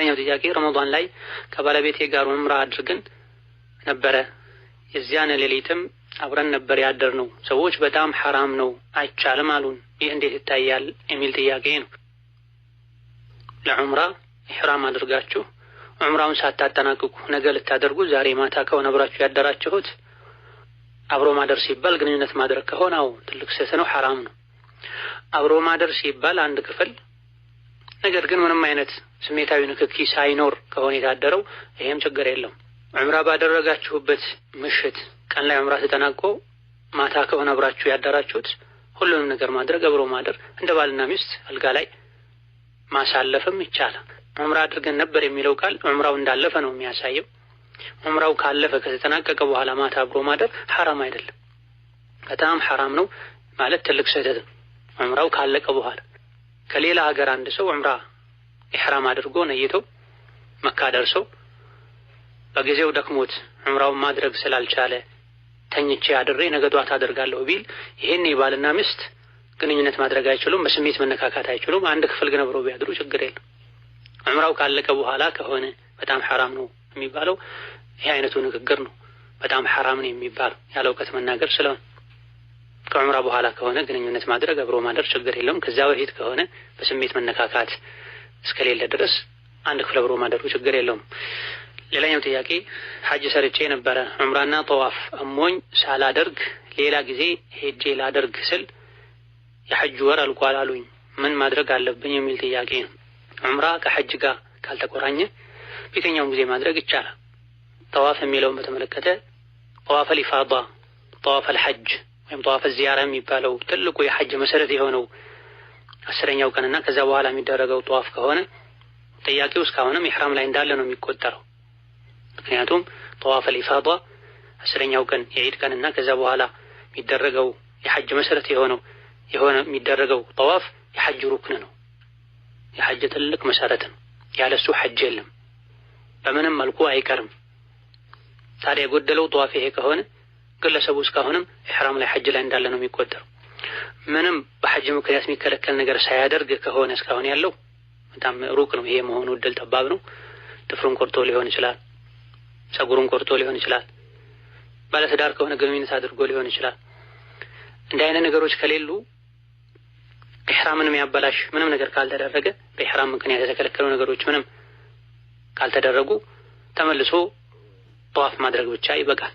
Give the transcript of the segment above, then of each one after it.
ሁለተኛው ጥያቄ ረመዷን ላይ ከባለቤቴ ጋር ዑምራ አድርገን ነበረ። የዚያን ሌሊትም አብረን ነበር ያደር ነው። ሰዎች በጣም ሐራም ነው አይቻልም አሉን። ይህ እንዴት ይታያል የሚል ጥያቄ ነው። ለዑምራ ኢሕራም አድርጋችሁ ዑምራውን ሳታጠናቅቁ ነገ ልታደርጉ ዛሬ ማታ ከሆነ አብራችሁ ያደራችሁት አብሮ ማደር ሲባል ግንኙነት ማድረግ ከሆነ አዎ ትልቅ ስህተት ነው፣ ሐራም ነው። አብሮ ማደር ሲባል አንድ ክፍል ነገር ግን ምንም አይነት ስሜታዊ ንክኪ ሳይኖር ከሆነ የታደረው ይሄም ችግር የለም። ዑምራ ባደረጋችሁበት ምሽት ቀን ላይ ዑምራ ተጠናቆ ማታ ከሆነ አብራችሁ ያደራችሁት ሁሉንም ነገር ማድረግ አብሮ ማደር እንደ ባልና ሚስት አልጋ ላይ ማሳለፍም ይቻላል። ዑምራ አድርገን ነበር የሚለው ቃል ዑምራው እንዳለፈ ነው የሚያሳየው። ዑምራው ካለፈ ከተጠናቀቀ በኋላ ማታ አብሮ ማደር ሐራም አይደለም። በጣም ሐራም ነው ማለት ትልቅ ስህተት ነው። ዑምራው ካለቀ በኋላ ከሌላ ሀገር አንድ ሰው ዑምራ ኢሕራም አድርጎ ነይቶ መካ ደርሰው በጊዜው ደክሞት ዑምራውን ማድረግ ስላልቻለ ተኝቼ አድሬ ነገ ጧት አደርጋለሁ ቢል ይሄኔ የባልና ሚስት ግንኙነት ማድረግ አይችሉም። በስሜት መነካካት አይችሉም። አንድ ክፍል ግን አብረው ቢያድሩ ችግር የለም። ዑምራው ካለቀ በኋላ ከሆነ በጣም ሐራም ነው የሚባለው ይሄ አይነቱ ንግግር ነው። በጣም ሐራም ነው የሚባለው ያለ እውቀት መናገር ስለሆነ ከዑምራ በኋላ ከሆነ ግንኙነት ማድረግ አብሮ ማደር ችግር የለውም። ከዚያ በፊት ከሆነ በስሜት መነካካት እስከሌለ ድረስ አንድ ክፍል አብሮ ማደሩ ችግር የለውም። ሌላኛው ጥያቄ ሐጅ ሰርቼ ነበረ። ዑምራና ጠዋፍ እሞኝ ሳላደርግ ሌላ ጊዜ ሄጄ ላደርግ ስል የሐጅ ወር አልቋል አሉኝ። ምን ማድረግ አለብኝ የሚል ጥያቄ ነው። ዑምራ ከሐጅ ጋር ካልተቆራኘ በየትኛውም ጊዜ ማድረግ ይቻላል። ጠዋፍ የሚለውን በተመለከተ ጠዋፈል ኢፋዳ፣ ጠዋፈል ሐጅ ወይም ጠዋፈ ዚያራ የሚባለው ትልቁ የሐጅ መሰረት የሆነው አስረኛው ቀንና ከዛ በኋላ የሚደረገው ጠዋፍ ከሆነ ጥያቄው እስካሁንም ኢሕራም ላይ እንዳለ ነው የሚቆጠረው። ምክንያቱም ጠዋፈ ልኢፋዳ አስረኛው ቀን የዒድ ቀንና ከዛ በኋላ የሚደረገው የሐጅ መሰረት የሆነው የሆነ የሚደረገው ጠዋፍ የሐጅ ሩክን ነው። የሐጅ ትልቅ መሰረት ነው። ያለሱ ሐጅ የለም፣ በምንም መልኩ አይቀርም። ታዲያ የጎደለው ጠዋፍ ይሄ ከሆነ ግለሰቡ እስካሁንም ኢሕራም ላይ ሐጅ ላይ እንዳለ ነው የሚቆጠረው። ምንም በሐጅ ምክንያት የሚከለከል ነገር ሳያደርግ ከሆነ እስካሁን ያለው በጣም ሩቅ ነው። ይሄ መሆኑ እድል ጠባብ ነው። ጥፍሩን ቆርጦ ሊሆን ይችላል፣ ጸጉሩን ቆርጦ ሊሆን ይችላል፣ ባለትዳር ከሆነ ግንኙነት አድርጎ ሊሆን ይችላል። እንዲህ አይነት ነገሮች ከሌሉ ኢሕራምን የሚያበላሽ ምንም ነገር ካልተደረገ በኢሕራም ምክንያት የተከለከሉ ነገሮች ምንም ካልተደረጉ ተመልሶ ጠዋፍ ማድረግ ብቻ ይበቃል።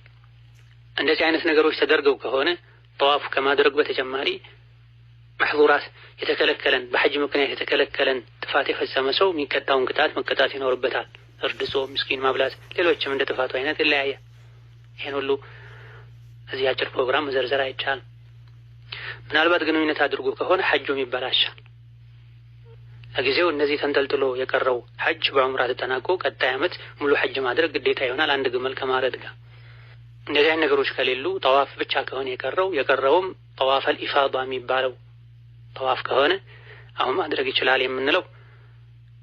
እንደዚህ አይነት ነገሮች ተደርገው ከሆነ ጠዋፍ ከማድረግ በተጨማሪ መሕዙራት የተከለከለን በሐጅ ምክንያት የተከለከለን ጥፋት የፈጸመ ሰው የሚቀጣውን ቅጣት መቀጣት ይኖርበታል። እርድ፣ ጾም፣ ምስኪን ማብላት፣ ሌሎችም እንደ ጥፋቱ አይነት ይለያያል። ይህን ሁሉ እዚህ አጭር ፕሮግራም መዘርዘር አይቻልም። ምናልባት ግንኙነት አድርጎ ከሆነ ሐጁም ይበላሻል። ለጊዜው እነዚህ ተንጠልጥሎ የቀረው ሐጅ በዑምራ ተጠናቆ ቀጣይ ዓመት ሙሉ ሐጅ ማድረግ ግዴታ ይሆናል አንድ ግመል ከማረድ ጋር እንደዚህ አይነት ነገሮች ከሌሉ ጠዋፍ ብቻ ከሆነ የቀረው የቀረውም ጠዋፍ አልኢፋዳ የሚባለው ጠዋፍ ከሆነ አሁን ማድረግ ይችላል የምንለው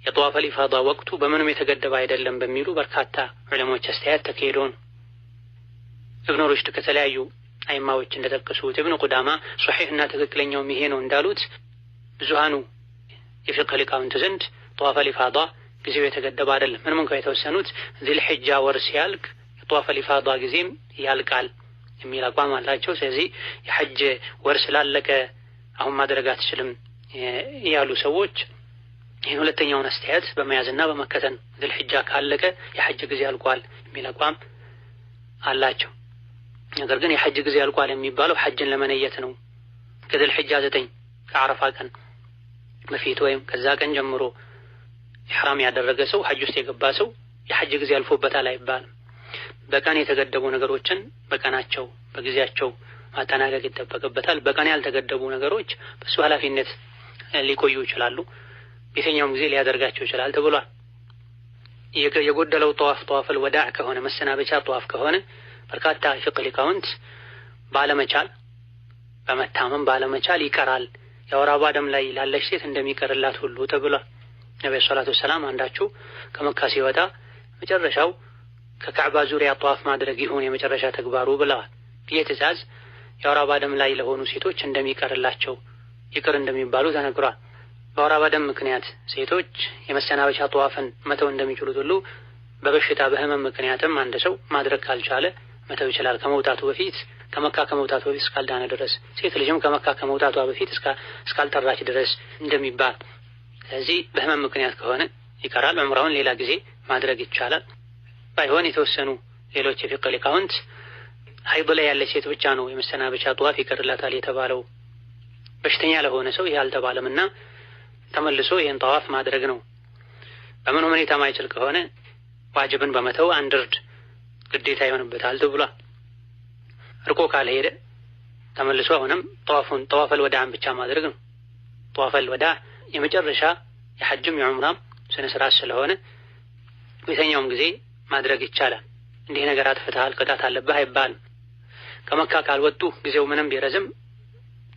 የጠዋፍ አልኢፋዳ ወቅቱ በምንም የተገደበ አይደለም በሚሉ በርካታ ዑለሞች አስተያየት ተካሂዶ ነው። ኢብኑ ሩሽድ ከተለያዩ አይማዎች እንደጠቀሱት እብን ቁዳማ ሶሒሕ እና ትክክለኛውም ይሄ ነው እንዳሉት ብዙሃኑ የፊቅህ ሊቃውንት ዘንድ ጠዋፍ አልኢፋዳ ጊዜው የተገደበ አይደለም። ምንም እንኳ የተወሰኑት ዚልሕጃ ወር ሲያልቅ ጧፈ ሊፋዷ ጊዜም ያልቃል የሚል አቋም አላቸው። ስለዚህ የሐጅ ወር ስላለቀ አሁን ማድረግ አትችልም ያሉ ሰዎች ይህን ሁለተኛውን አስተያየት በመያዝና በመከተን ዙልሕጃ ካለቀ የሐጅ ጊዜ አልቋል የሚል አቋም አላቸው። ነገር ግን የሐጅ ጊዜ አልቋል የሚባለው ሐጅን ለመነየት ነው። ከዙልሕጃ ዘጠኝ ከአረፋ ቀን በፊት ወይም ከዛ ቀን ጀምሮ ኢሕራም ያደረገ ሰው ሐጅ ውስጥ የገባ ሰው የሐጅ ጊዜ አልፎበታል አይባልም። በቀን የተገደቡ ነገሮችን በቀናቸው በጊዜያቸው ማጠናቀቅ ይጠበቅበታል። በቀን ያልተገደቡ ነገሮች በሱ ኃላፊነት ሊቆዩ ይችላሉ። በየትኛውም ጊዜ ሊያደርጋቸው ይችላል ተብሏል። የጎደለው ጠዋፍ ጠዋፈል ወዳዕ ከሆነ መሰናበቻ ጠዋፍ ከሆነ በርካታ ፍቅህ ሊቃውንት ባለመቻል በመታመም ባለመቻል ይቀራል የወር አበባ ደም ላይ ላለች ሴት እንደሚቀርላት ሁሉ ተብሏል። ነቢ ሰላቱ ወሰላም አንዳችሁ ከመካ ሲወጣ መጨረሻው ከካዕባ ዙሪያ ጠዋፍ ማድረግ ይሁን የመጨረሻ ተግባሩ ብለዋል። ይህ ትእዛዝ የአውራ ባደም ላይ ለሆኑ ሴቶች እንደሚቀርላቸው ይቅር እንደሚባሉ ተነግሯል። በአውራ ባደም ምክንያት ሴቶች የመሰናበቻ ጠዋፍን መተው እንደሚችሉት ሁሉ በበሽታ በህመም ምክንያትም አንድ ሰው ማድረግ ካልቻለ መተው ይችላል። ከመውጣቱ በፊት ከመካ ከመውጣቱ በፊት እስካልዳነ ድረስ ሴት ልጅም ከመካ ከመውጣቷ በፊት እስካልጠራች ድረስ እንደሚባል ስለዚህ በህመም ምክንያት ከሆነ ይቀራል። ዑምራውን ሌላ ጊዜ ማድረግ ይቻላል። ባይሆን የተወሰኑ ሌሎች የፊቅ ሊቃውንት ሀይድ ላይ ያለች ሴት ብቻ ነው የመሰናበቻ ጠዋፍ ይቀርላታል የተባለው። በሽተኛ ለሆነ ሰው ይህ አልተባለም እና ተመልሶ ይህን ጠዋፍ ማድረግ ነው። በምን ሁኔታ ማይችል ከሆነ ዋጅብን በመተው አንድ እርድ ግዴታ ይሆንበታል ተብሏል። እርቆ ካልሄደ ተመልሶ አሁንም ጠዋፉን ጠዋፈል ወዳን ብቻ ማድረግ ነው። ጠዋፈል ወዳ የመጨረሻ የሐጅም የዑምራም ስነ ስርዓት ስለሆነ በየትኛውም ጊዜ ማድረግ ይቻላል። እንዲህ ነገር አጥፍተሃል፣ ቅጣት አለብህ አይባልም። ከመካ ካልወጡ ጊዜው ምንም ቢረዝም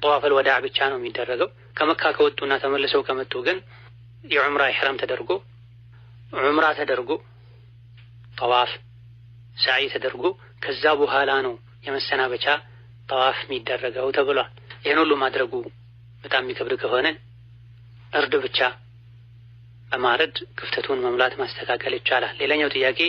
ጠዋፈል ወዳዕ ብቻ ነው የሚደረገው። ከመካ ከወጡና ተመልሰው ከመጡ ግን የዑምራ ኢሕራም ተደርጎ ዑምራ ተደርጎ ጠዋፍ ሳዒ ተደርጎ ከዛ በኋላ ነው የመሰናበቻ ጠዋፍ የሚደረገው ተብሏል። ይህን ሁሉ ማድረጉ በጣም የሚከብድ ከሆነ እርድ ብቻ በማረድ ክፍተቱን መሙላት ማስተካከል ይቻላል። ሌላኛው ጥያቄ